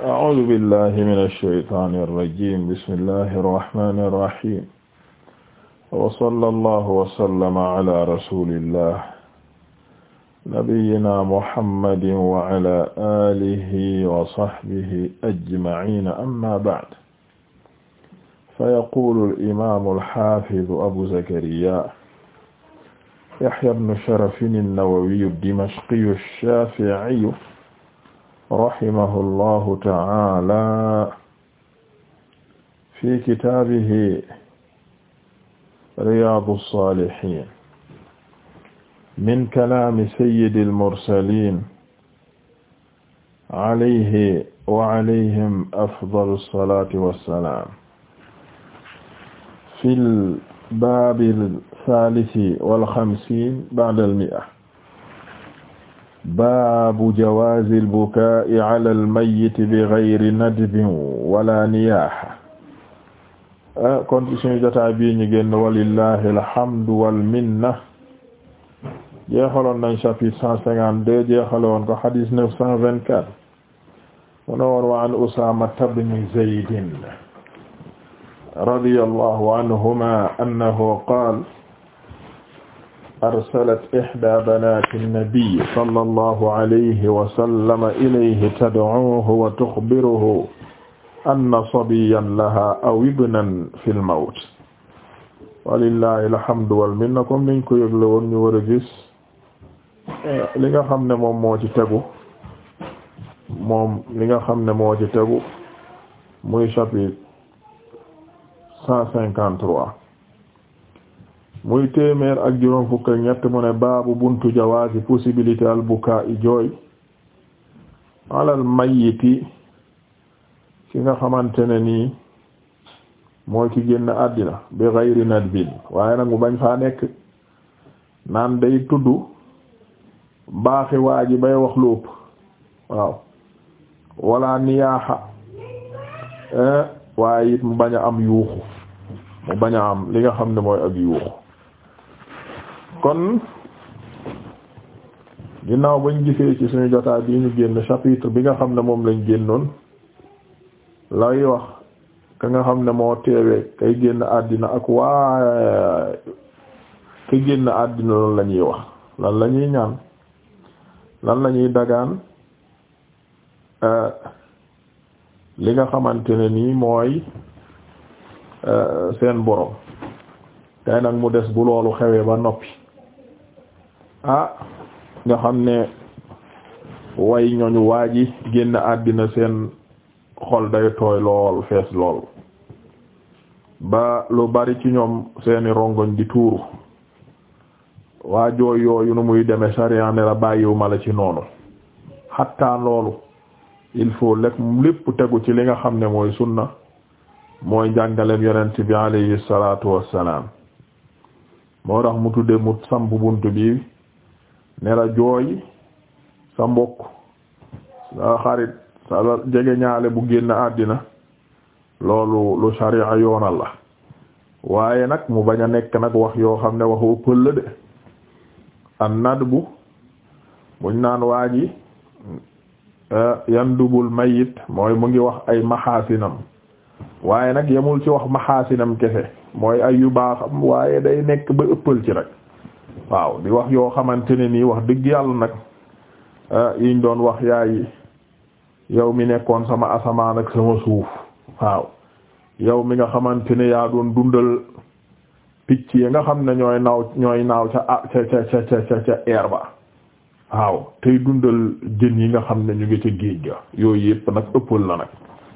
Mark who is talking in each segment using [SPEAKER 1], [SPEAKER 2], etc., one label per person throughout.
[SPEAKER 1] أعوذ بالله من الشيطان الرجيم بسم الله الرحمن الرحيم وصلى الله وسلم على رسول الله نبينا محمد وعلى آله وصحبه أجمعين أما بعد فيقول الإمام الحافظ أبو زكريا يحيى بن شرف النووي الدمشقي الشافعي rahimahullahu ta'ala fi kitaabihi riyaadu saalihiin min kalaami sayyidil mursaliin alayhi wa alayhim afdalu salaati wa salaam fil baabil saalisi wal xamsiin ba'dal mi'a baabu jawaazi al-bukaa'i ala al-mayyiti bighayri nadbin wala niyaaha ah, kon ci suñu jotaay bii ñu génn walillahi alhamdu wal minna jeexaloon nañ chapitre cent cinquante-deux jeexaloon ko hadith neuf cent vingt-quatre mu ne woon wa an Usaama ibn Zayd radiyallahu anhuma annahu qaala arsalat ihdaa banaati nnabiy sallallahu alayhi wa sallam ilayhi tad'uuhu wa tuxbiruhu anna sabiyyan lahaa aw ibnan fil mawt walillahi alhamdu wal minna comme niñ ko yëgle woon war a gis eh, li nga xam ne moom moo ci tegu moom li nga xam ne moo tegu muy chapitre cent cinquante-trois muy téeméer ak juróom fukk ak ñett mu ne baabu buntu jawaazi possibilité al i jooy alal mayyiti ki nga xamante ne nii mooy ki génn àddina bi ghayri nadbin waaye nag mu bañ faa nekk naan day tudd baaxi waa ji bay wax lu ëpp waaw wala niyaaxa eh, waaye it mu bañ a am yuuxu mu bañ a am li nga xam ne mooy ak yuuxu kon ginnaaw bañ gisee ci suñu jotaay bi ñu génn chapitre bi nga xam ne moom lañ génnoon lay wax ka nga xam ne moo teewee kay génn àddina ak waa loolu la ñuy wax lan lañuy ñuy ñaan lan la ñuy dagaan euh, li nga xamante ne nii mooy euh, seen borom tey nag mu des bu loolu xewee ba noppi a ah, nga xam ne way ñooñu waa ji génn àddina seen xol day tooy lool fees lool ba lu bari ci ñoom seeni rongoñ di tuuru waa yooyu nu muy deme sariya ne la bàyyiwuma la ci noonu xattaa loolu il faut lépp tegu ci li nga xam ne mooy sunna mooy njàngaleem yonent bi alayhi salaatu wassalaam moo tax mu tudde mu samp bunt bi ne la jooy sa mbokk sa xarit sa jege ñaale bu génn àddina loolu lu sharia yoonal la waaye nag mu bañ a nekk nag wax yoo xam ne waxoo pël la de an nadbu buñ naan waa ji eh, yandubul mayit mooy mu ngi wax ay maxaasinam waaye nag yemul ci wax maxaasinam kese mooy ay yu baaxam waaye day nekk ba ëppal ci nag waaw di wax yoo xamante ne nii wax dëgg yàlla nag ah, yiñ doon wax yaay yow mi nekkoon sama asamaan ak sama suuf waaw yow mi nga xamante ne yaa doon dundal picc yi nga xam ne ñooy naaw ñooy naaw ca ah, a ba waaw tey dundal jën yi nga xam ne ñu ngi ca géej ga yooyu yëpp nag ëppal la nag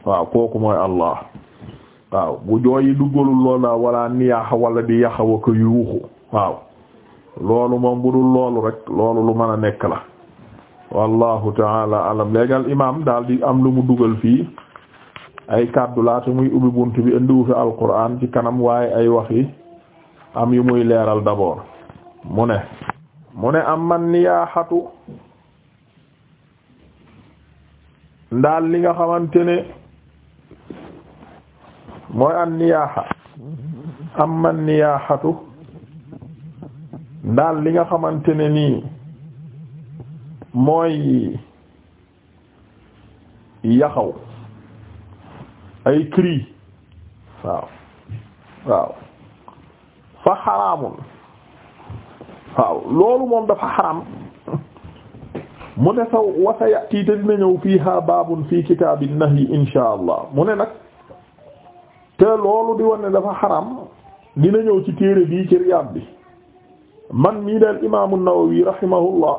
[SPEAKER 1] waaw kooku mooy Allah waaw bu jooyi duggalul lool daal wala niyaaxa wala di yaxawa ko yuuxu waaw loolu moom bu dul loolu rek loolu lu mën a nekk la wallahu taala alam léegi al daal di am lu mu dugal fii ay kàddu laata muy ubbi bunt bi indiwu fi alquran ci kanam waaye ay wax am yu muy leeral d'abord mu ne mu ne am man niyaaxatu ndaal li nga xamante ne mooy an niyaaxa am man niyaaxatu daal li nga xamante ne nii mooy yaxaw ay cri waaw waaw fa xaraamun waaw loolu moom dafa xaram mu ne saw wasa yati te dina ñëw fiiha babun fi kitaabi nahyi insha allah mu ne nag te loolu di wane dafa xaram dina ñëw ci téere bii ci Riyaad bi man mii daal imaamu Nawawi rahimahullah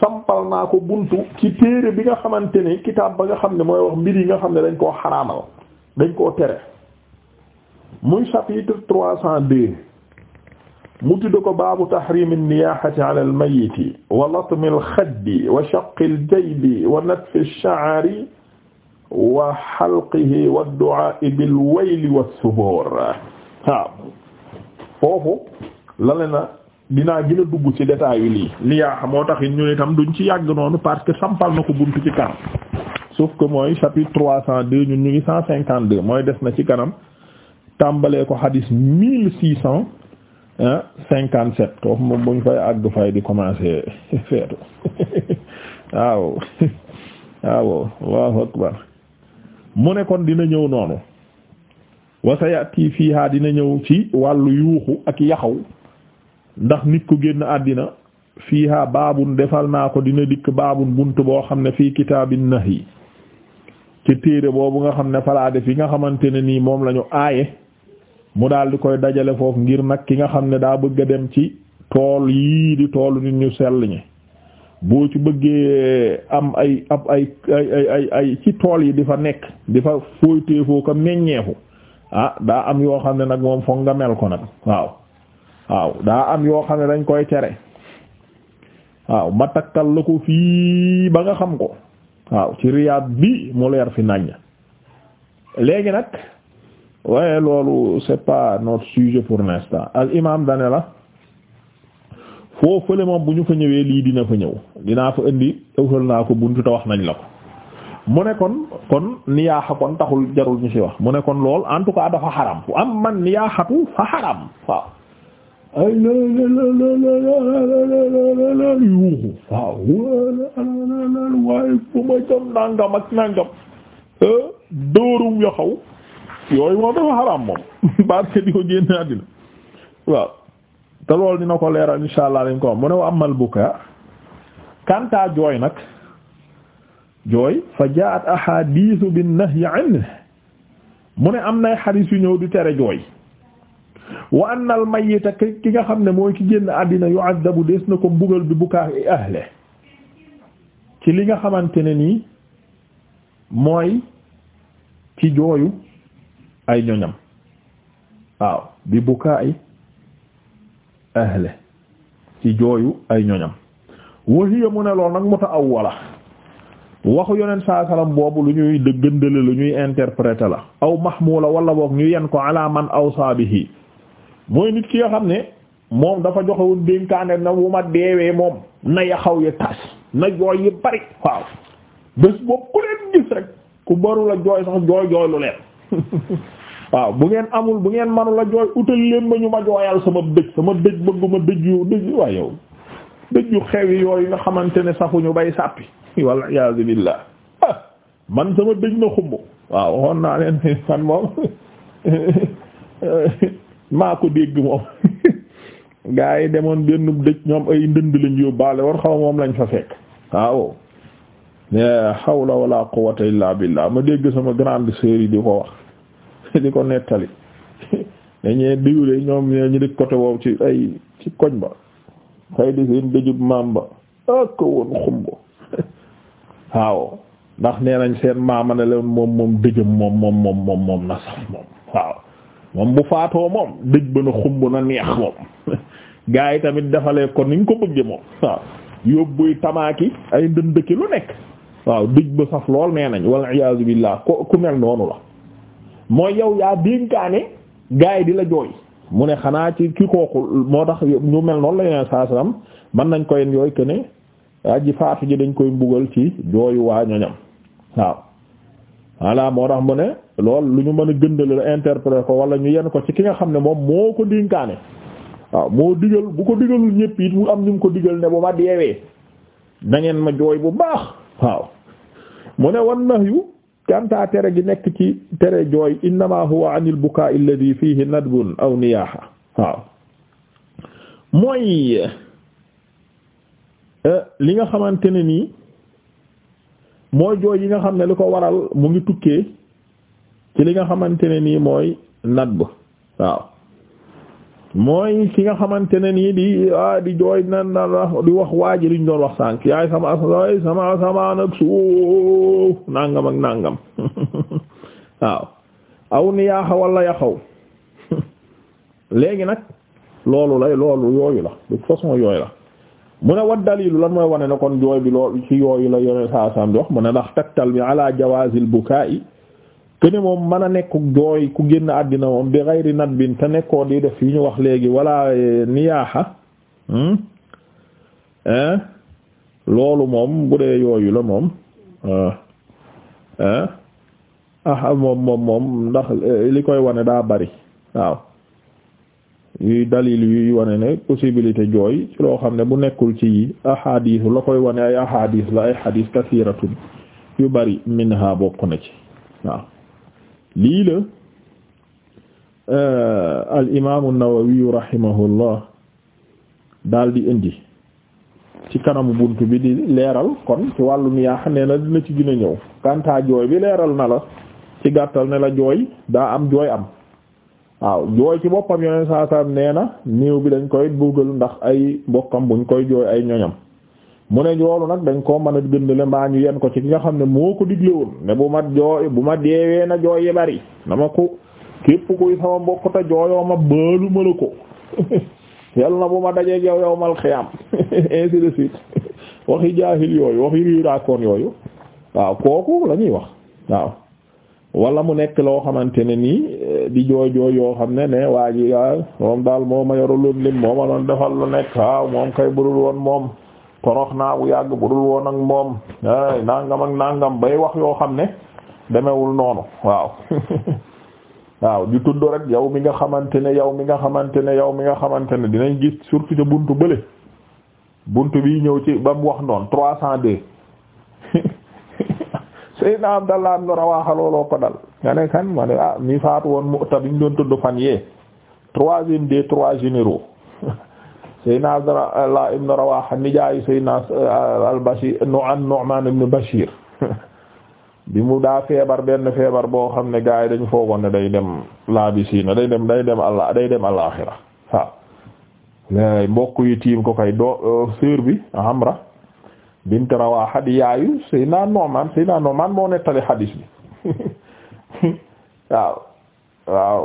[SPEAKER 1] sampal naa ko buntu ci téere bi nga xamante ne kitaab ba nga xam ne mooy wax mbir yi nga xam ne dañ koo xaraamal dañ koo tere muy chapitre trois cent deux mu tudd ko baabu tahrim an-niyahati ala al-mayyit wa latm al-khaddi wa shaqq al-jaybi wa natf ash-sha'ri wa halqihi wa ad-du'a bil-wayl wa ath-thubur waaw foofu lale na dinaa gën dugg ci détails yu lii liyaaxa moo tax it ñu ne tam duñ ci yàgg noonu parce que sampal na ko buntu ci kanam sauf ko mooy chapitre trois cent deux ñun ñu ngi cent cinquante deux mooy des na ci kanam tàmbalee ko xadis mille six cent cinquante sept foofu moom buñ fay àgg fay di commencer feetu waaw waaw allahu akbar mu ne dina ñëw noonu wa sayati fiha dina ñëw ci wàllu yuuxu ak yaxaw ndax nit ku génn àddina fiiha baabun defal naa ko dina dikk baabun bunt boo xam ne fii kitaabin nahyi ci téere boobu nga xam ne falaa def yi nga xamante ne nii moom lañu ñu aaye mu daal di koy dajale foofu ngir nag ki nga xam ne daa bëgg a dem ci tool yii di toolu nit ñu sell ñi boo ci bëggee am ay ay ay ay ci tool yi di fa nekk di fa fooy téefoo ko meññeefu ah daa am yoo xam ne nag moom foog nga mel ko nag waaw waaw daa am yoo xam ne dañ koy tere waaw ma takkal la ko fii ba nga xam ko waaw ci riyaad bi mu leer fi naññ léegi nag waaye loolu c'est pas notre sujet pour l'instant al imam dane la foo fële moom bu ñu fa ñëwee lii dina fa ñëw dinaa fa indi ëwsal naa ko buntu te wax nañ la ko mu ne kon kon niyaaxa kon taxul jarul ñu ci wax mu ne kon lool en tout cas dafa xaram fu am man niyaaxatu fa xaram waaw ay lallalalalalala yuuxu waaw wlll waaye bu ma jam nangam ak nangam dóorum yo xaw yooyu moom dafa xaraam moom parce que di ko génne àddina waaw te loolu dina ko leeral insha allah lañ ko am mu ne wa amal buka kanta jooy nag jooy fa jaat ahadithu bin nahyi anhu mu ne am nay xadiis yu ñëw di tere jooy wa anna yi mayyita ki nga xam ne mooy ki génn àddina yu yu'adabu des na ko bugal bi bukaa'i ahle ci li nga xamante ne nii mooy ci jooyu ay ñoñam waaw bi bukaa'i ahle ay ñoñam wa hiya mu ne lool nag mutaawwala waxu yonent saa boobu lu ñuy dëggandale lu ñuy interpréter la aw mahmula wala boog ñu yen ko ala man awsa bihi mooy nit ki nga xam ne moom dafa joxe woon dénkaane na bu ma deewee moom na yaxaw yi tas na jooy yi bari waaw bés boobu ku leen gis rek ku baru la jooy sax jooy jooy leen waaw bu ngeen amul bu ngeen manu la jooy utal leen ba ñu ma jooyal sama dëj sama dëj bëgguma dëj yu dëj waa yow dëj yu xew yi yooyu nga xamante ne safuñu bay sàppi walla iyaazu billaah ah man sama dëj na xumb waaw waxoon naa leen fan moom maa ko dégg moom gaa yi demoon benn dëj ñoom ay ndënd lañ yóbbaale war xaw moom lañ fa fekk waaw la hawla wala quwwata illa billah ma dégg sama grande sœur di ko wax di ko nettali dañee diwle ñoom ñu di côté woow ci ay ci koñ ba xëy di seen dëjub maam ba ak ah, woon xumbo waaw ndax nee nañ seen maama ne leen moom moom dëjëm moom moom moom moom na sax moom waaw moom bu faatoo moom dëj ba na xumb na neex moom gaa yi tamit defalee ko niñ ko bëgge moom waaw yóbbuy tamaaki ay ndëndëki lu nekk waaw dëj ba saf lool nee nañ wal iyaazu billaah ko ku mel noonu la mooy yow yaa dénkaane gaa yi di la jooy mu ne xanaa ci ki kooku moo tax ñu mel noonu la yeneen saa salaam mën nañ koy yooy que ne aji faatu ji dañ koy mbugal ci jooyu waa ñoñam waaw voilà moo tax mu ne loolu lu ñu mën a gëndale la interpréter ko wala ñu yenn ko ci ki nga xam ne moom moo ko dénkaane waaw moo digal bu ko digalul ñëpp it mu am ñu ko digal ne bu ma deewee na ngeen ma jooy bu baax waaw mu ne wan nax yu kantaa tere gi nekk ci tere jooy innama huwa anil bukaa alladhi fihi nadbun aw niyaaha waaw mooy eh, li nga xamante ne nii mooy jooy yi nga xam ne li ko waral mu ngi tukkee ci li nga xamante ne nii mooy nadb waaw mooy ki nga xamante ne nii di ah di jooy nan na di wax waaji liñ doon wax sànk yaay sama sama sama nag suuf nangam ak nangam waaw aw ni yaaxa wala yaxaw léegi nag loolu lay loolu yooyu la de façon yooyu la mu ne wa dalilu lan mooy wane ne kon jooy bi lool ci yooyu la yone saa saa wax mu ne ndax taktal bi ala jawaazil bukaa'i kene moom mën a nekk jooy ku génn àddina bi gayri nadbin te nekkoo di def yi ñu wax léegi wala eh, niyaaxa hmm? eh? loolu moom bu dee eh, ah, moom moom ndax li koy wane daa bari waaw yuy dalil yuy wane ne possibilité jooy ci loo xam ne bu nekkul ci yi ahadisu la koy wane ay ahadis la ay hadis kasiratun yu bari minha bokk na ci waaw lii la euh, al imaamu Nawawi rahimahullah daal di indi ci kanamu bunt bi di leeral kon ci wàllum yaax nee na dina ci gën ñëw kantaa jooy bi leeral na la ci gàttal ne la jooy daa am jooy am waaw jooy ci boppam yoneen saa saa nee na néew bi dañ koy buggal ndax ay mbokkam ñu koy jooy ay ñoñam mu ne joolu nag dañ koo mën a gëndale maa ñu yen ko ci ki nga xam ne moo ko digle woon ne bu ma jooy bu ma deewee na jooy yi bari na ma ko képp kuy sama mbokk jooyoo ma baalu ma la ko yal na bu ma dajee yow yow mal xiyam ainsi de suite waxi jaahil yooyu waxi riiraakoon yooyu waaw kooku la wax waaw wala mu nekk loo xamante ne nii eh, di jooy jooy yoo xam ne ne waa ji waaw ah, moom daal moo ma yoruloon lim moo ma doon defal lu nekk waaw moom kay budul woon moom torox naa bu yàgg budul woon ak moom nangam ak nangam bay wax yoo xam ne demewul noonu waaw waaw di tudd rek yow mi nga xamante ne yow mi nga xamante ne yow mi nga xamante ne dinañ gis surtout ca buntu bële buntu bi ñëw ci ba mu wax noonu trois cent deux Seydina Abdallah ibn Rawaha looloo ko dal nga ne ma ne ah mi faatu woon Mu'ta bi ñu doon fan yee troisième des trois généraux Seydina Abdallah ibn Rawaha nijaayu Seydina euh, al-Bashir an Nu'man ibn Bashir bi mu daa feebar benn feebar boo xam ne gars yi dañu foogoon day dem laabisiina day dem day dem allah day dem mbokk yi tiim ko kay doo euh, sœur bi Amra bint Rawaha di yaayu Seydina Nu'man Seydina Nu'man moo nettali xadiis bi waaw waaw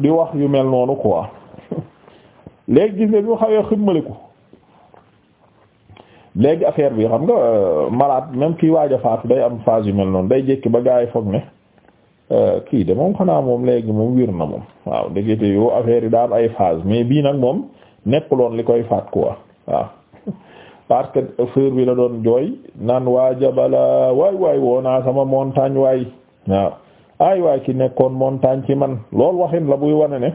[SPEAKER 1] di wax yu mel noonu quoi léegi gis nga bi mu xawee ximmaliku léegi affaire bi xam nga euh, malaat même kii waaj a faatu day am phase yu mel noonu day jékki ba gaa yi foog ne euh, kii de moom xanaa moom léegi moom wir na moom waaw ndekete yoo affaire yi daal ay phase mais bii nag moom nekkuloon li koy faat quoi waaw parce que bi la doon jooy naan waa jabala waay waay naa sama montagne waay waaw ay waay ki nekkoon montagne ci man loolu waxin la buy wane ne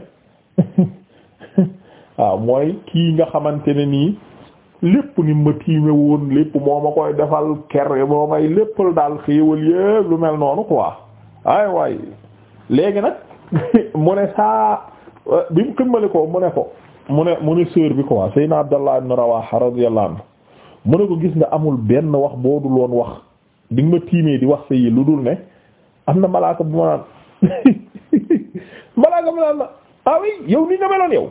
[SPEAKER 1] waaw mooy kii nga xamante ne nii lépp ni ma tiime woon lépp moo ma koy defal ker moo may léppal daal xéewal yépp lu mel noonu quoi ay waay léegi nag mu ne saa euh, bi mu ximmali ko mu ne ko mu ne mu ne sœur bi quoi Seydina Abdallah ibn Rawaha radiyallahu anhu mu ne ko gis nga amul benn wax boo dul woon wax di tiimee di wax sa yi lu dul ne am na malaaka bu ma naan malaaka bu ma naan ah oui yow ni nga meloon yow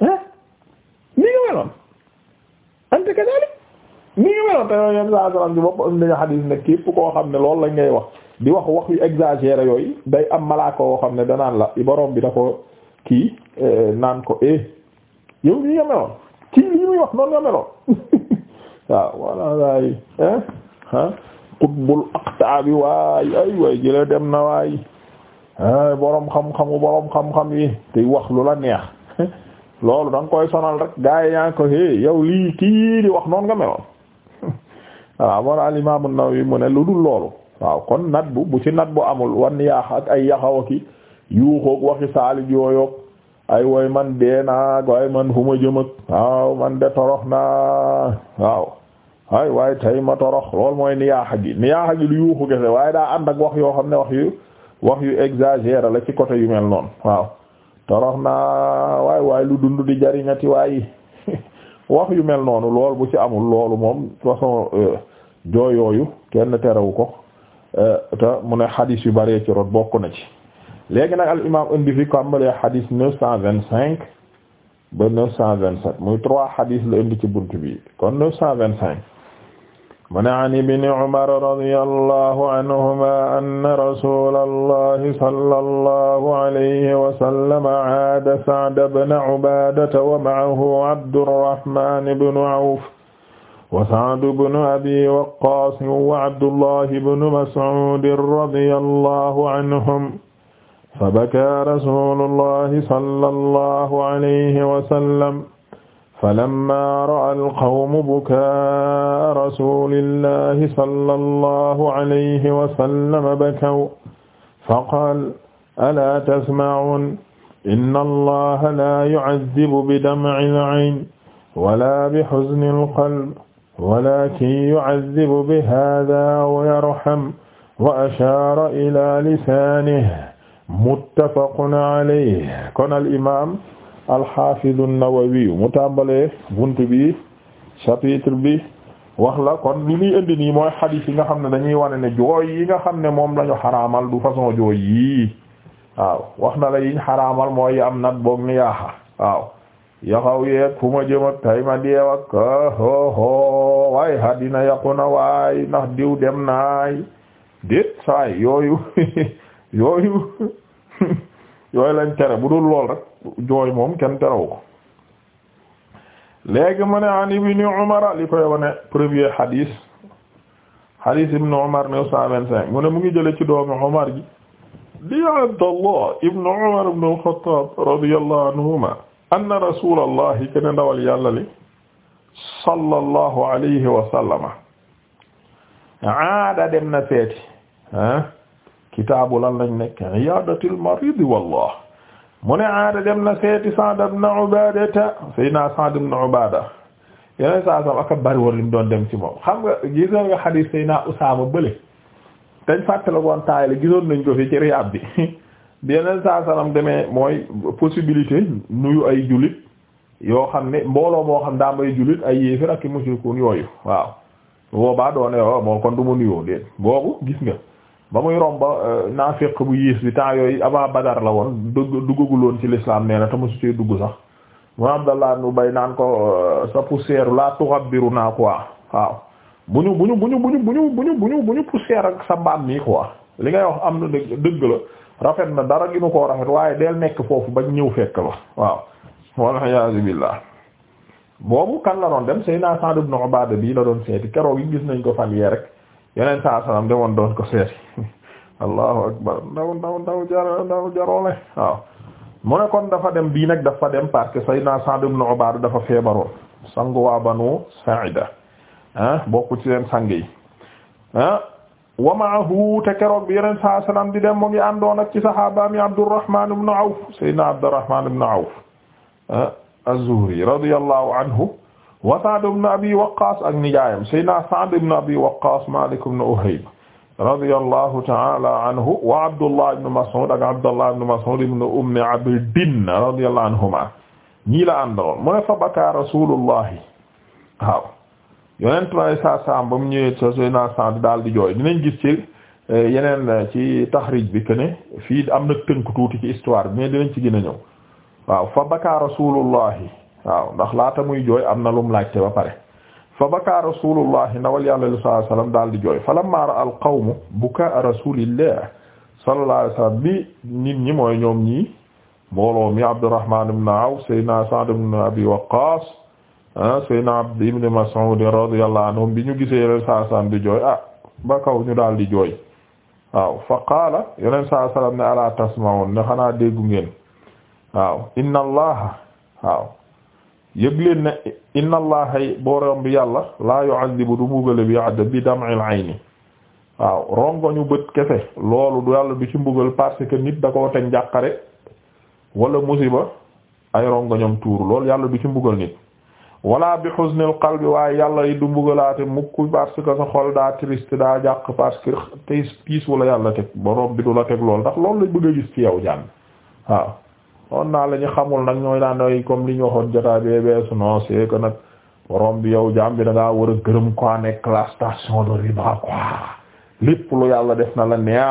[SPEAKER 1] ah ni nga meloon nga meloon te yoon xam ne loolu lañ ngay wax di wax wax yu woo xam ne danaan la borom bi da ko kii eh, naan ko eh yow ni nga meloon kii li muy wax noonu nga meloon waaw voilà waay ah qutbul aqtaabi waay ay waay jële dem na waay boroom xam-xamu boroom xam-xam yi te wax lu la neex loolu da koy sonal rek gaa yi ko hé yow lii kii di wax noonu nga meloon waaw moo al imam an-Nawawi mu ne lu dul loolu waaw kon nat bu bu ci nat bu amul wan yaax ak ay yaxawa ki yuuxoog waxi saali jooyoog ay woy man dee naa waay man fu ma jëm ak waaw man de torox naa waaw ay waaye tey ma torox lool mooy niyaaxa gi niyaaxa gi lu yuuxu gese waaye daa ànd ak wax yoo xam ne wax yu wax yu exagéré la ci côté yu mel noonu waaw torox naa waay waay lu dund di jariñati waaye wax yu mel noonu lool bu ci amul loolu moom façon euh, jooy yooyu kenn terewu ko euh, te mu ne xadiis yu bare ci rot bokk na ci léegi nag al imam indi fi kàmbalee xadis neuf cent vingt cinq ba neuf cent vingt sept muy trois xadis la indi ci buntu bi kon neuf cent vingt cinq mu ne an ibni umar radiyallahu anhuma anna rasulallahi sallallahu alayhi wa sallam aada sa'd ibn ubadata wa ma'ahu abdurrahman ibn awf wa sa'd ibn abi waqqas wa abdullahi ibn mas'ud radiyallahu anhum فبكى رسول الله صلى الله عليه وسلم فلما رأى القوم بكاء رسول الله صلى الله عليه وسلم بكوا فقال ألا تسمعون إن الله لا يعذب بدمع العين ولا بحزن القلب ولكن يعذب بهذا ويرحم وأشار إلى لسانه muttafaqun alayhi kon al imaam al haafiz mu tàmbalee bunt bi chapitre bi wax la kon li muy indi nii mooy xadiis yi nga xam ne dañuy wane ne jooy yi nga xam ne moom lañu xaraamal du façon jooy yi waaw wax na la yiñ xaraamal mooy am nat boog ni yaaxa waaw yaxaw yeeg fu ma jëm ak tay deew ak hoho xaddina yaqu na waay ndax diw dem naay déet saay yooyu yooyu yooyu lañ bu dul lool rek jooy moom kenn terewu ko léegi mu an ibni Umar li koy wone premier hadis hadis ibni Umar neuf cent vingt-cinq mu ne mu ngi jële ci doomi Umar ji di Abdallah ibni Umar ibn al-Khattab radiyallahu anhuma anna rasulallahi ken ndawal yàlla li sallallahu alayhi wa aada dem na seeti ah kitaabu la lañ nekk iyaadatil marid mu ne aada dem na seeti Sa'd ibn Ubaadata Seydina Sa'd ibn Ubaada yeneen saa saam aka bari lim doon dem ci moom xam nga gisoon nga xadiis Seydina Usaama bële dañ fàttale woon taay la gisoon nañ ko fi ci Riyaad bi bi yeneen saa demee mooy possibilité nuyu ay jullit yoo xam ne mbooloo moo xam daa may jullit ay yéefir ak mushrikuun yooyu waaw boobaa doone yoo oh, moo kon du nuyoo déet boobu gis nga ba muy romba euh, naafiq bu yiis bi temps yooyu avant Badar la woon dugg duggaguloon ci l'islam nee na te mosu see dugg sax mu Abdallah nu bay naan ko euh, sa poussière la tuxabbiru naa quoi waaw bu ñu bu ñu bu ñu bu ñu bu ñu bu ñu bu ñu bu ñu poussière ak sa mbaam nii quoi li ngay wax am na dëgg dëgg la rafet na dara gi nu koo rafet waaye del nekk foofu bañ ñëw fekk la waaw waliyasu billah boobu kan la doon dem Seydina Sa'd ibn Ubaada bi la doon seeti keroog yi gis nañ ko fan yee rek yeneen saa salaam demoon doon ko seeti allahu akbar ndaw ndaw ndaw jaroole waaw dafa dem bii nag dafa dem parce que Sayyidina Sa'd ibn dafa feebaroon sangu waa Banu Saa'ida ah bokku ci seen sang yi ah, wa ma'ahu te keroog bi yeneen saa salaam di dem mu ngi àndoon ak ci saxaabaami Abdurrahmaan ibn Awf Sayyidina Abdurrahmaan ibn Awf ah, az-Zuhri radiyallahu anhu wa Sa'd ibn Abi Waqqas ak nijaayam Seydina Sa'd ibn Abi Waqqas Malik ibn Uhayb radiyallahu ta'ala anhu wa Abdullah ibn Mas'ud Abdullah ibn Mas'ud ibn Ummi Abdin radiyallahu anhuma ñii la àndaloon mu ne fa baka rasulullahi waaw yonent ma sa sam ba mu ñëwee sa daal di jooy dinañ ci eh, yeneen eh, ci taxrij bi que ne fii am na tënk tuuti ci histoire mais dinañ ci gën a ñëw fa baka rasulullahi waaw ndax laata muy jooy am na lum laajte ba pare fa baka rasulullahi ndawal yàlla li sallallahu alayhi wasallam daal di jooy falamma ra al qawmu bukaa rasulillah sallallahu alayhi wasallam bi nit ñi mooy ñoom ñii mbooloo mi Abdurrahman ibn Awf saydna Sa'd ibn Abi Waqqas ah, saydna Abd ibn Mas'ud radiyallahu anhum bi ñu gisee yeneen saa sallam di jooy ah ba kaw ñu daal di jooy waaw fa qaala yeneen saa sallam ne ala tasma'un ne xanaa déggu ngeen waaw inna allaha waaw yëg leen ne inna allaha borom bi yàlla laa yu'adhibu du mbugale bi adab bi dam'il ayni waaw rongoñu bët kese loolu du yàlla bi ci mbugal parce que nit da koo teg njàqare wala musiba ay rongoñam tuur loolu yàlla bi ci mbugal nit wala bi huznil qalbi waaye yàlla yi du mbugalaate mukk parce que sa xol daa triste daa jàq parce que tey piis wala yàlla teg borom bi du la teg loolu ndax loolu la bëgg a gis ci yow jàmm waaw on naa la ñu xamul nag ñooy daan ay comme li ñu waxoon jotaay bee beesu non c'est nag borom bi yow jaam bi da war a gërëm quoi nekk la station de riba quoi lépp lu yàlla def na la neex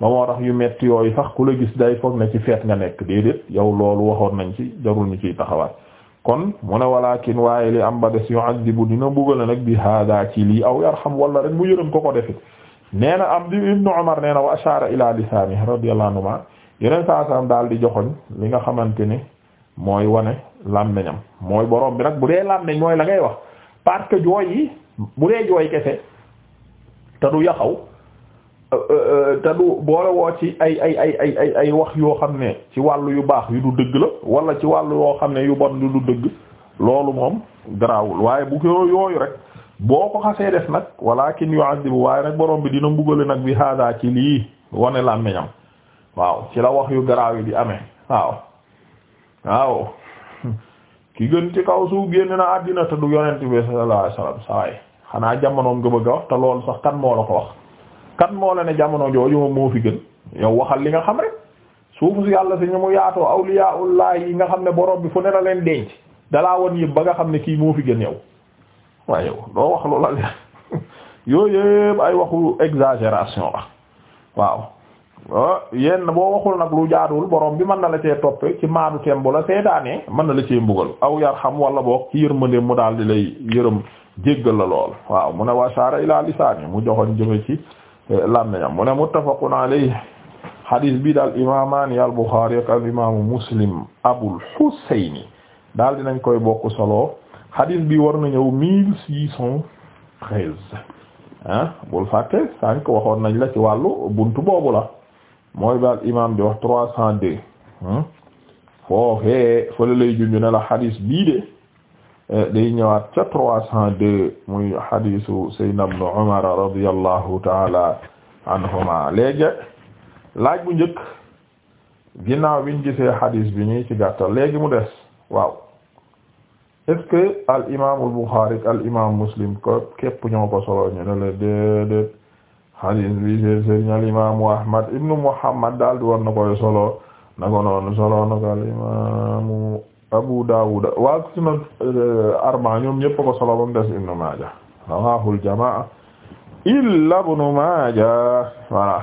[SPEAKER 1] ba moo tax yu metti yooyu sax ku la gis day foog na ci feet nga nekk déedéet yow loolu waxoon nañ ci jarul ñu ciy taxawaat kon mu ne walakin waaye li am ba des yu'adibu dina buggal nag bi hada ci lii aw yarham wala rek mu yërëm ko ko defit nee na am di ibnu Umar nee na yeneen saa saam daal di joxoñ li nga xamante ni mooy wane làmmiñam mooy borom bi nag bu dee làmmiñ mooy la ngay wax parce que jooy yi bu dee jooy kese te du yaxaw euh, euh, te du boole woo ci ay ay ay ay ay ay wax yoo xam ne ci wàll yu baax yu du dëgg la wala ci wàll yoo xam ne yu bon yu du dëgg loolu moom garaawul waaye bu ko yooyu rek boo ko xasee def nag walakin bu waaye nag borom bi dina mbugale nag bi hada ci lii wane làmmiñam waaw ci la wax yu garaaw yi di amee waaw waaw ki gën ci kaw suuf génn naa àddina te du yonent bi sallallahu alayhi wasallam xanaa jamonoom nga bëgg a wax te loolu sax kan moo la ko wax kan moo la ne jamono jooju moom moo fi gën yow li nga xam yàlla si ñu yi nga xam ne borom bi fu ne la leen ba nga xam ne kii moo fi gën yow waaye yow doo wax loola yooyu yëpp ay waxu exagération la waaw Ah, yenn boo waxul nag lu jaaduwul borom bi mën na la cee topp ci maadu teem bu la seetaanee mën na la cee mbugal aw yar xam wala boog ci yërmandeem mu daal di lay yërëm jéggal la lool waaw mu ne washara ila lisaani mu joxoon jëme ci eh, làmmiñam mu ne muttafaqun alayhi hadis bii daal imamaani al Bukhari ak al imaamu Muslim Abul dal di nañ koy bokk solo hadis bi war na ñëw mille six cent treize ah bul fàtte sànq waxoon nañ la ci wàllu buntu boobu la mooy baal imam di wax trois cent deux hmm? foofee fële lay junju ne xadis bii de eh, day ñëwaat ca trois cent deux muy xadisu sayyidina ibn Umar radiyallahu taala anhuma léegi laaj bu njëkk ginnaaw biñ gisee xadis bi ñuy ci gàttal léegi mu des waaw est-ce que al imaamul Buxaari al imaam Muslim ko ñoo ko solo ñu ne la déedéet hadis bi seen sëriñ al imaamu Ahmad ibnu Muhammad daal di war na koy solo na ko noonu solo na ko al imaamu Abu Dawud waa sunan eh, arba ñoom ñépp ko solo ba mu des ibnu Maaja rawaahul jamaa illa ibnu Maaja voilà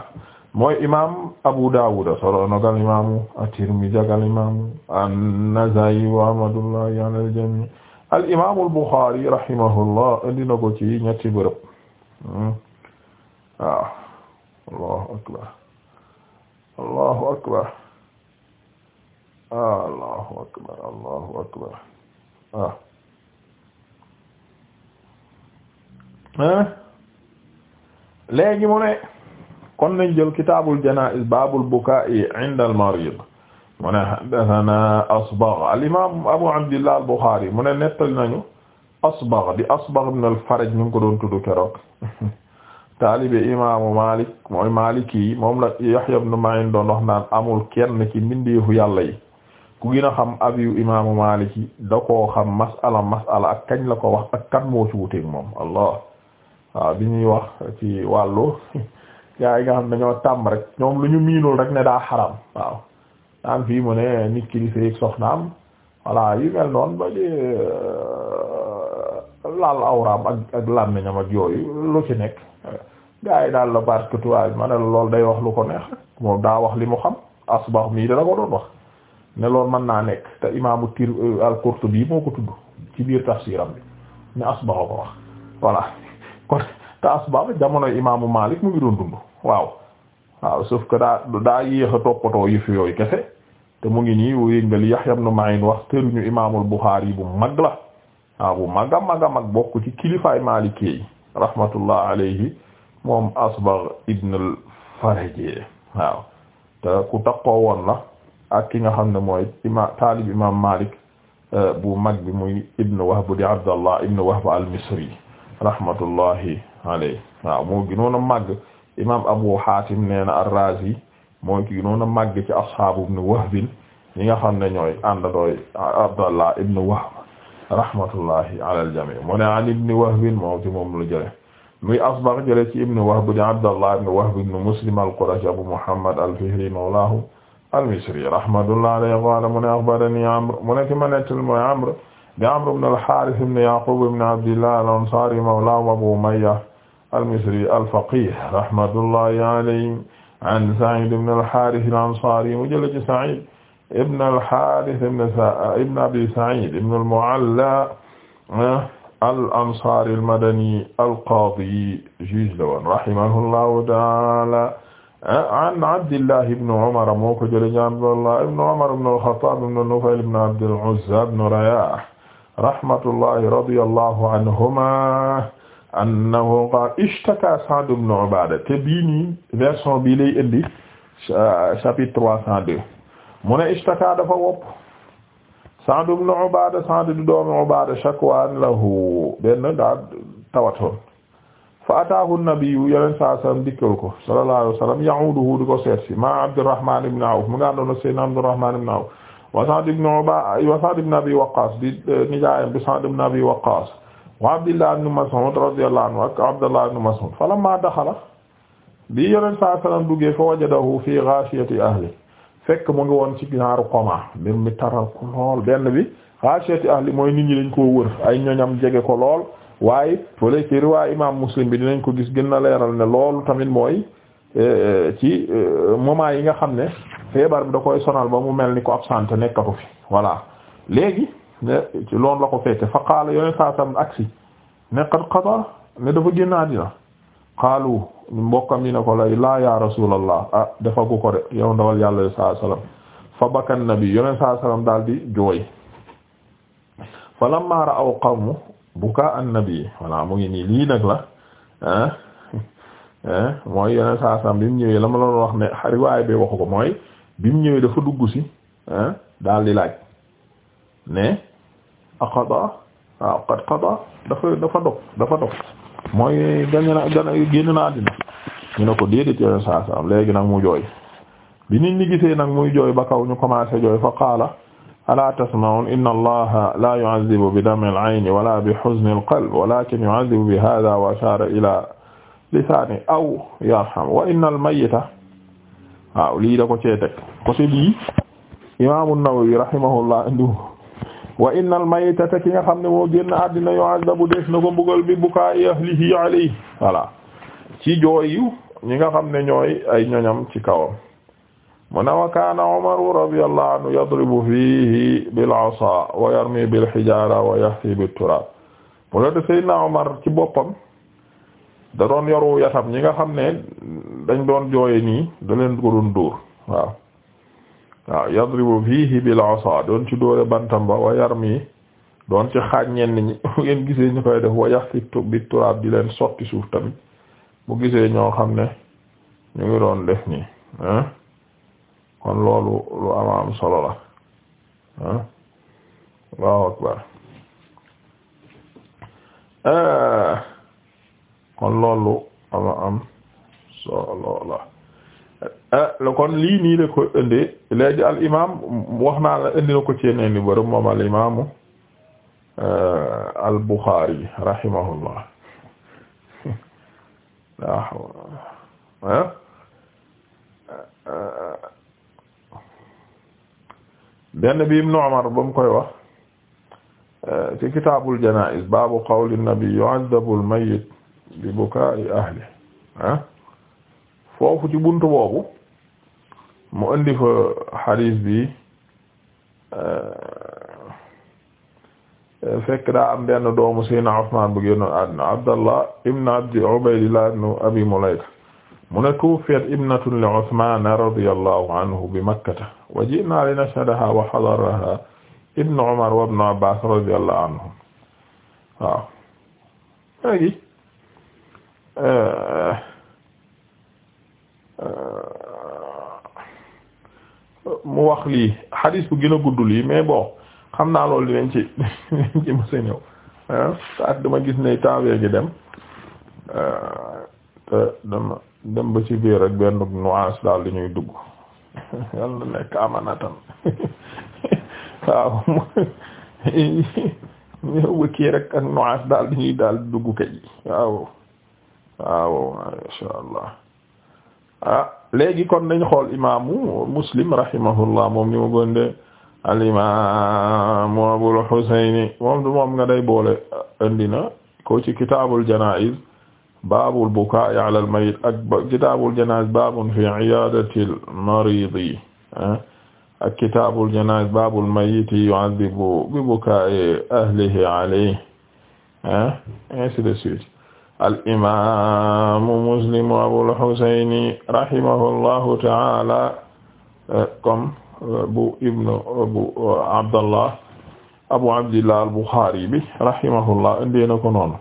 [SPEAKER 1] mooy imaam Abu Dawud solo na ko al imaamu at-Tirmidhi ak al imaamu an-Nasaa'i wa rahmatullahi ala al-jamii al imaamu al-Bukhari rahimahullah indi na ko ci ñetti bërëb hmm. waaw ah. allahu akbar allahu akbar ah, allahu akbar allahu akbar waaw ah. léegi mu ne kon nañ jël kitaabul janaa'iz baabul bukaa'i inda al-mariid mu ne haddathanaa Asbagh al-imaam Abu Abdillah al-Bukhaari mu ne nettali nañu Asbagh di Asbagh ibn al-Faraj ñu ngi ko doon tudd keroog taalibe imaamu Malik mooy Maliki moom la Yahya ibn Ma'in doon wax naan amul kenn ci mbindeefu yàlla yi ku gën a xam abiyu imaamu Maliki da koo xam mas'ala mas'ala ak kañ la ko wax ak kan moo ci wuteeg moom allah waaw bi ñuy wax ci wàllu yaa yi nga xam dañoo tàmm rek ñoom lu ñu miinul rek ne daa xaram waaw daan fii mu ne nit ki soxnaam voilà yu mel noonu ba di euh, laal awraam ak ak làmmiñam ak yooyu lu ci nekk gaa yi daal la barke tubaab bi ma ne day wax lu ko neex moom daa wax li mu xam asbax mii dana ko doon wax ne lool mën naa nekk te imaamu tir euh, al-Qurtubi moo ko tudd ci biir tafsiram bi ne asbax ko wax voilà kon te asbax jamonoy imaamu Maalik mu ngi doon dund waaw waaw sauf que daa daa yéex a toppatoo fi yooyu kese te mu ngi nii yëngali Yahya ibn Ma'in wax tëruñu imaamul Buxaari bu mag la waaw bu mag a mag a mag bokk ci kilifaay Maliki yi rahmatullah moom Asbagh ibn al-Faraji te ku takkoo woon la ak ki nga xam ne mooy ima taalib imam Malik euh, bu mag bi muy ibn Wahb di Abdallah ibn Wahb al-Misri rahmatullahi alayhi waaw moo gënoon a màgg imam Abu Hatim nee na ar-Razi moo gënoon a màgg ci ashaabu ibn Wahb ñi nga xam ne ñooy àndandooy Abdallah ibn Wahb rahmatullahi ala al-jamii mu ne an ibni wahbin moom ci moom lu jële muy asbax jële ci ibni wahb di abdallah ibni wahb ibni muslim al-qurashi abu muhammad al-fihri mawlaahu al-misri rahmatullahi alayhi qaala mu ne axbarani amr mu ne ki ma nettal mooy amr di amr ibn al-harith ibn yaqub ibn abdillah al-ansari mawlaahu abu umayya al-misri al-faqih rahmatullahi alayhi an sa'id ibn al-harith al-ansari mu jële ci sa'id ibn al-Harith ibn Abi Sa'id ibn al-Mu'alla ah, al-Ansari al-Madani al-Qadi juge la woon rahimahullahu ta'ala ah, an Abdillah ibn Umar moo ko jëlee ci Abdullah ibn Umar ibn al-Khattab ibn Nufayl ibn Abd al-Uzza ibn Riyah rahmatullahi radiyallahu anhuma annahu qaala ishtaka Sa'd ibn Ubada te bii nii version bii lay indi chapitre 302 mu ne ishtaka dafa wopp Sa'd ibn Ubaada Sa'd di doomu Ubaada shakwaan lahu benn daa tawatoon fa ataahu nabiyyu yeneen saa sallam dikkal ko sallallahu alayhi wa sallam ya'uuduhu di ko seet si ma Abdurrahmaan ibn Awf mu nga àndoon ak Seydina Abdurrahmaan ibn Awf wa Sa'd ibn Ubaada wa Sa'd ibn Abi Waqqaas di eh, nijaayam bi Sa'd ibn Abi Waqqaas wa Abdullah ibn Mas'uud radiyallahu anhu ak Abdullah ibn Mas'uud falammaa daxala bi yeneen saa sallam duggee fa wajadahu fii ghaashiyati ahlihi fekk mu ngi woon ci ginaaru koma mbir mi taral ko lool benn bi xaasiyati ahli mooy nit ñi dañ koo wër ay ñoñam jege ko lool waaye fële ci riwaay imam muslim bi dinañ ko gis gën na leeral ne loolu tamit mooy eh, eh, ci eh, moment yi nga xam ne feebar bi da koy sonal ba mu mel ni ko absent nekkatu fi voilà léegi ne ci loolu la ko fekke fa qaala yoneen saa sam aksi ne qad ne dafa génnaa dina qaalu mbokkam yi ne ko lay laa ya rasulallah ah dafa ko de yow ndawal yàlla saa sallam fa bakan nabi yoneen saa sallam daal di jooy fa aw ra'aw qawmu buka an nabi voilà mu ngi nii lii nag la ah ah mooy yoneen saa sallam bi mu ñëwee la ma loon wax ne riwaay bi waxu ko mooy bi mu ñëwee dafa dugg si ah di laaj ne a qada waaw ah, qad qada dafa dafa dog dafa dog mooy gañu na gana génn na àddina ñu ne ko déedéet yoneen saa salaam léegi nag mu jooy bi nit ñi gisee nag muy jooy ba kaw ñu commencé jooy fa qaala alaa tasma'uun inna allaha la yu'azzibu bi dam'il ayni wala bi huznil qalbi walakin yu'azzibu bi haadha wa ashaara ilaa lisaanihi aw yarham wa innal mayyita waaw lii da ko cee teg côté bii imaamu Nawawi rahimahullah wa inna al maytata ki nga xam ne moo génn àddina yu'azzabu def na ko mbugal bi bukaa'i ahlihi alayhi voilà ci jooyu ñi nga xam ne ñooy ay ñoñam ci kawam mu ne wa kaana Umaru radiyallahu anhu yadribu fiihi bil asaa wa yarmi bil hijaara wa yahthi bit turaab mu ne de Seydina Umar ci boppam da doon yoru yatam ñi nga xam ne dañ doon jooye nii da leen ko doon dóor waaw waaw yadribu fiihi bil asaa doon ci dóore bantam ba wa yarmi doon ci xaaj ñenn ñi bu ngeen gisee ñu koy def wa yaxti bi turaab di leen sotti suuf tamit bu gisee ñoo xam ne ñu ngi doon def nii kon loolu lu am am solo la Allahu akbar eh, kon am solo la Eh, la kon lii nii la ko indi léegi al imaam wax naa la indi na ko ci yeneen i bërëb al imaamu eh, al Buxaari rahimahullah waaw benn bi Ibnu Umar ba mu koy wax eh, ci kitaabul janaa'iz baabu qawli nabi yu'azzabu al-mayyit bi bukaa'i ahlihi ah foofu ci buntu boobu. mu indi fa xadis bi eh, eh, fekk daa am benn doomu Seydina Usmaan bu génnoon àdduna Abdallah ibn Abdi Ubaydillah ibn Abi Mulayka mu ne tuufiyat ibnatun li Usmaan radiyallahu anhu bi Makkata wa ji'naa linashhadahaa wa hadarahaa ibn Umar wa ibn Abbaas radiyallahu anhum waaw léegi eh, mu wax lii xadis bu gën a gudd lii mais bon xam naa loolu dinañ ci dinañ ci mos a ñëw te ak dama gis ne taawee gi dem te dama dem ba ci biir rek benn nuance daal di ñuy dugg yàlla na nekk amanatan waaw ñëw ba kii rek ak nuance daal di ñuy daal di dugg kay waaw waaw insha allah. ah léegi kon nañ xool imaamu muslim rahimahullah moom ni mu gonde al imaamu abul husayni moom du moom nga day boole indi na ko ci kitaabul janaa'iz baabul bukaa'i ala al mayyit ak kitaabul janaa'iz baabun fi iyaadatil mariidi ah, ak kitaabul janaa'iz baabul mayyiti yu'adhabu bi bukaa'i ahlihi alayhi ah, ainsi de suite al imaamu muslim abul xusayni rahimahullahu taala comme bu ibnu bu abdallah abu abdillah al buxaari bi rahimahullah indee na ko noonu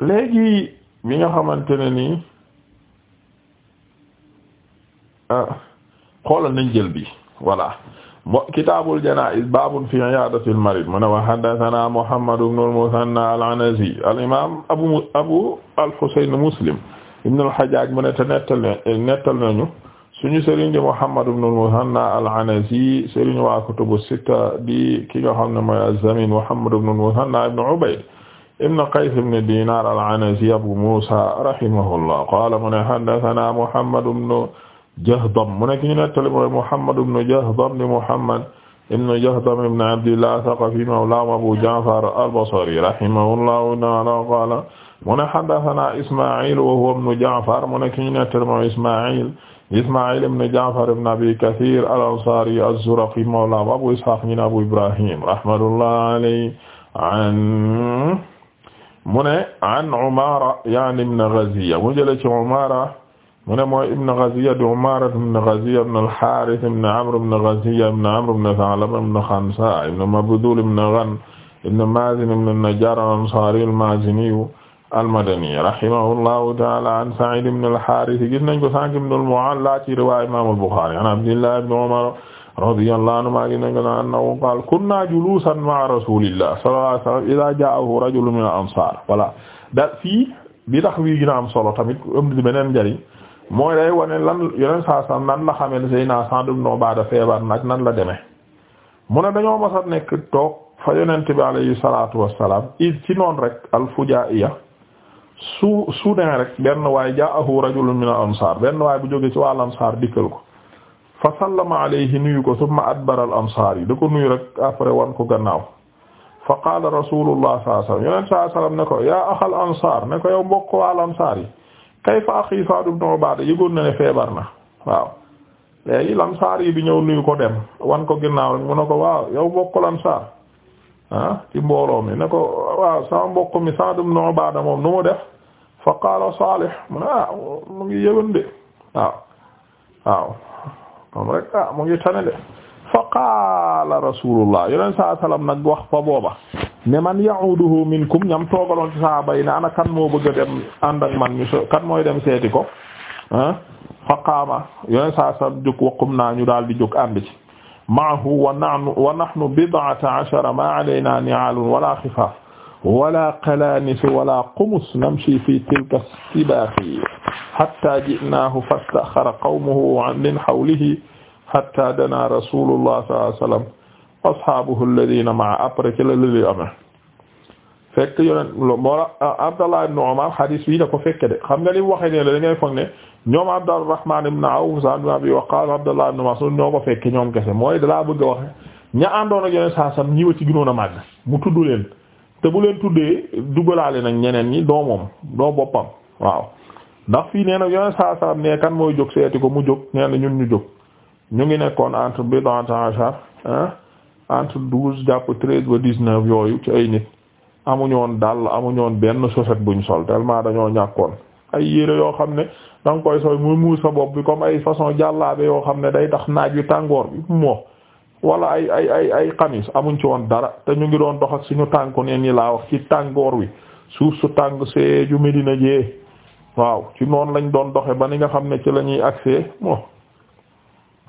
[SPEAKER 1] léegi mi nga xamante ne nii ah, bi voilà. kitaabul janaa'iz baabun fii iyaadatil mariid mu ne wa haddathanaa Muhammad ibn al-Muthannaa al-Anazi al-imaam abu abu al-Husayn Muslim ibn al-Hajjaaj mu ne te nettal eh, nettal nañu suñu sëriñ di Muhammad ibn al-Muthannaa al-Anazi sëriñ waa kutubu sitta di ki nga xam ne mooy az-Zamin Muhammad ibn al-Muthannaa ibn Ubayd ibn Qays ibn Diinaar al-Anazi Abu Muusaa rahimahullah qaala mu ne haddathanaa Muhammad ibn Jahdam mu nekk ñu nettali mooy Muhammad ibn Jahdam di Muhammad ibn Jahdam ibn Abdillah Saqafi mawlaa Abu Ja'far al-Basri rahimahullahu ta'ala qaala mu ne haddathanaa Isma'il wa huwa ibn Ja'far mu nekk ñu nettali mooy Isma'il Isma'il ibn Ja'far ibn Abi Kathir al-Ansari az-Zuraqi mawlaa Abu Ishaq ibn Abu Ibrahim rahmatullahi alayhi an mu ne an Umara yaani ibn Ghaziya mu jële ci Umara mu ne mooy ibn Ghaziya di Umaara ibn Ghaziya ibn al-Haaris ibn Amr ibn Ghaziya ibn Amr ibn Tha'laba ibn Khansa ibn Mabdhul ibn Ghan ibn Maazin ibn an-Najjaar al-Ansaari al-Maazini al-Madani rahimahullahu ta'aala an Sa'iid ibn al-Haaris gis nañ ko sànq ibn al-Mu'alla ci riwaaya Imaam al-Bukhaari an Abdillah ibn Umar radiyallahu anhumaa gis nañ ko annahu qaala kunnaa juluusan ma'a rasuulillah sallallahu alayhi wa sallam idhaa jaa'ahu rajulun mina al-ansaar voilà da fii bi tax wi gën a am solo tamit am beneen njariñ mooy day wone lan yeneen saa san nan la xamee ne Seydina Sa'd ibn Ubaada feebar nag nan la demee mu ne dañoo masa nekk toog fa yonent bi alayhi salaatu wassalaam is ci noonu rek al-Fujaa'iyya su soudain rek benn waay ja'ahu rajulun min al-ansaar benn waay bu jóge ci wàll ansaar dikkal ko fa sallama alayhi nuyu ko summa adbara al-ansaar yi da ko nuyu rek après wan ko gannaaw fa qaala rasuulullah sallallahu yonent sallallahu ne ko yaa axal ansaar ne ko yow mbokk wàll ansaar yi Tayfa axi Saad ibn Ubaada yëgoon na ne feebar na waaw léegi Ansaar yi bi ñëw nuyu ko dem wan ko ginnaaw rek mu ne ko waaw yow bokkul Ansaar ah ci mbooloo mi ne ko waaw sama mbokk mi Saad ibn Ubaada moom nu mu def fa qaala Saalih mu ne ah mu ngi yëgoon de waaw waaw moom rek ah mu ngi tane de fa qaala Rasuulullah yeneen saa salaam nag wax fa booba ne man ya'uduhu minkum ñam toogaloon ci saaba yi ne ana kan moo bëgg a dem ànd ak man monsieur kan mooy dem seeti ko ah fa qaama yoneen saa sa jóg waqum naa ñu daal di jóg ànd ci maahu wa nahnu wa nahnu bid'ata ashara ma alayna ni'aalun wala xifaaf wala qalanis wala qumus namshi fi tilka sibaahi hatta ji'naahu fastaxara qawmuhu min hawlihi hatta danaa rasulullah sallallahu alayhi wa sallam ashaabuhu alladina maa après ci la lëlee amee fekk yonent moo ah, Abdallah ibn Umar hadis bii da ko fekke de xam nga ni mu waxee ne da ngay foog ne ñoom Abdurrahman ibn Awf Sa'd ibn Abi Waqqas Abdallah ibn ñoo ko fekke ñoom kese mooy dalaa bëgg a wax ña àndoon ak yeneen saa sam ñi wa ci gënoon a mu tudd leen te bu leen tuddee dugalaale nag ñeneen ñi doo doo boppam waaw ndax fii nee na yeneen saa kan mooy jóg seeti ko mu jóg nee na ñun ñu jóg ñu ngi nekkoon entre bid'ata ashar entre douze jàpp treize ba dix yooyu ci ay nit amuñu woon dàll amuñu woon benn chaussette buñ sol tellement dañoo ñàkkoon ay yére yoo xam ne da koy sol mu muur sa bopp bi comme ay façon jàllaabe yoo xam ne day tax naaj wi tàngoor bi moo wala ay ay ay ay xamis amuñ ci woon dara te ñu ngi doon dox ak suñu tànku neen ñi laa wax ci tàngoor wi suuf su tàng see ju Medina jee waaw ci noonu lañ doon doxe ba ni nga xam ne ci la ñuy accès moo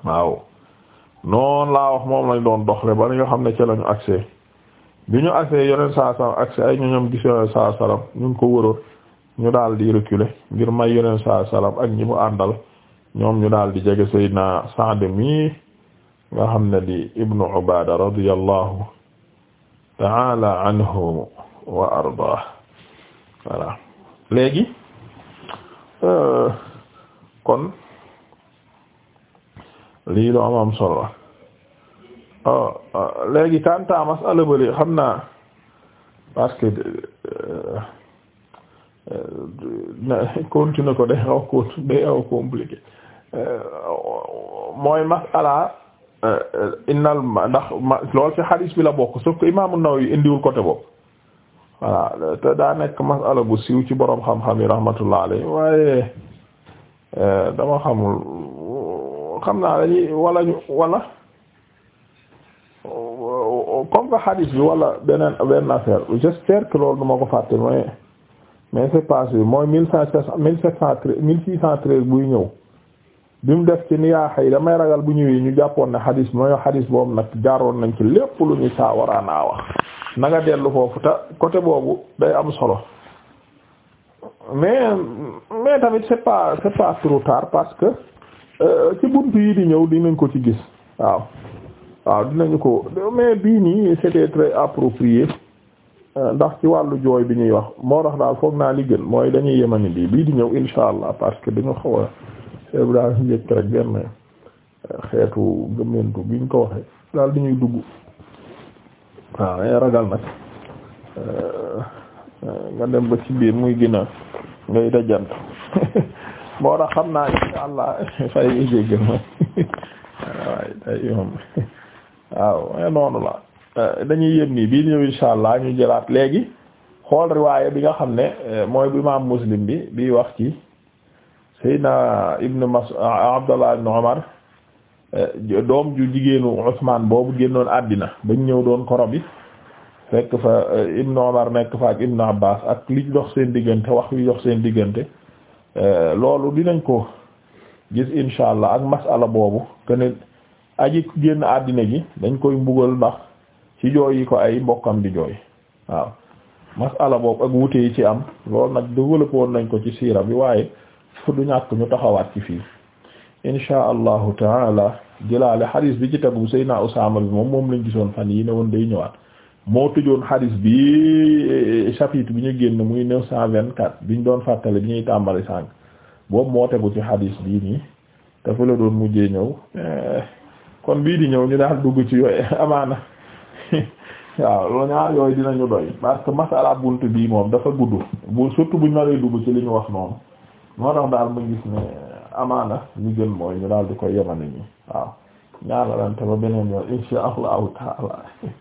[SPEAKER 1] waaw noonu la wax moom lañ doon doxle ba li xam ne ci lañu accès bi ñu accès yeneen saa salam accès ay ñoñom gis yoneen saa salam ñu ngi ko wëroon ñu daal di reculer ngir may yeneen saa salam ak ñi mu àndal ñoom ñu daal di jege Seydina Sa'd mi nga xam ne di ibnu Ubaada radiyallahu ta'ala anhu wa ardaah voilà léegi euh, kon lii lu am am solo oh, oh, léegi kanta masala bale xam naa parce que euh, euh, na ko day xaw ko day xaw compliqué euh, mooy masala innal ndax lool ci hadis bi la bokk sauf que imaamu Nawawi indiwul côté boobu voilà te daa nekk masala bu siiw ci boroom xam-xam yi rahmatullah alayhi waaye dama xamul xam naa dañuy wala ñu wala comme que hadith bi wala beneen benn affaire j'espère que loolu duma ko fàtte mais mais c'est pas sûr mooy mille cinq cent mille sept cent treize mille buy ñëw bi mu def ci niyaaxa yi damay ragal bu ñëwee ñu jàppoon ne hadith mooy hadith boobu nag jaaroon nañ ci lépp lu ñu saa waraanaa wax na nga dellu foofu te côté boobu day am solo mais mais tamit c'est pas c'est pas que Euh, ci buntu yi di ñëw dinañ ko ci gis waaw waaw dinañu ko mais bii nii c'était très euh, ndax ci wàllu jooy bi ñuy wax moo tax daal foog naa li gën mooy dañuy yemani bii bii di ñëw insha allah parce que dañu xaw a Ibrahim njëkk rek benn euh, xeetu gëmmentu bi ñu ko waxee daal di ñuy dugg waaw ragal nag nga dem ba ci biir muy gën a ngay dajant moo tax xam naa insha fay ñu jéggal ma waaye day yomb waaw noonu la eh, dañuy yem nii bii ñëw insha ñu jëlaat léegi xool riwaaya bi nga xam ne eh, mooy bu imaam muslim bi bi wax ci Seydina ibnu Mas'ud Abdallah ibnu Umar eh, doom ju jigéenu Usmaan boobu génnoon àddina bañ ñëw doon koro bi fekk fa ibnu Umar nekk fa ak ibnu Abbaas ak li dox seen diggante wax li dox seen diggante Euh, loolu dinañ ko gis insha allah ak masala boobu kenn aji génn àddina gi dañ koy mbugal ndax ci jooy yi ko ay mbokkam di jooy waaw masala boobu ak wute yi ci am loolu nag développé woon nañ ko ci siira bi waaye fu du ñàkk ñu taxawaat ci fii insha allahu taala jëlaale xadiis bi ci tegu Seydina Usaama bi moom moom lañ gisoon fan yi ne woon day ñëwaat moo tëjoon hadis bi eh, chapitre bi ñu génn muy neuf cent vingt quatre ñu doon fàttale bi ñuy tàmbali sànq boobu moo tegu ci hadis bii nii dafa la doon mujjee ñëw eh, kon bii di ñëw ñu daal dugg ci yooyu amaana yooyu dinañu doy parce bunt bii moom dafa gudd bu surtout li ñu wax noonu moo tax daal mu gis ne amaana ñu gën mooy ñu daal di koy yemane ñi waaw ñaanalante ba beneen yoon insha allahu taala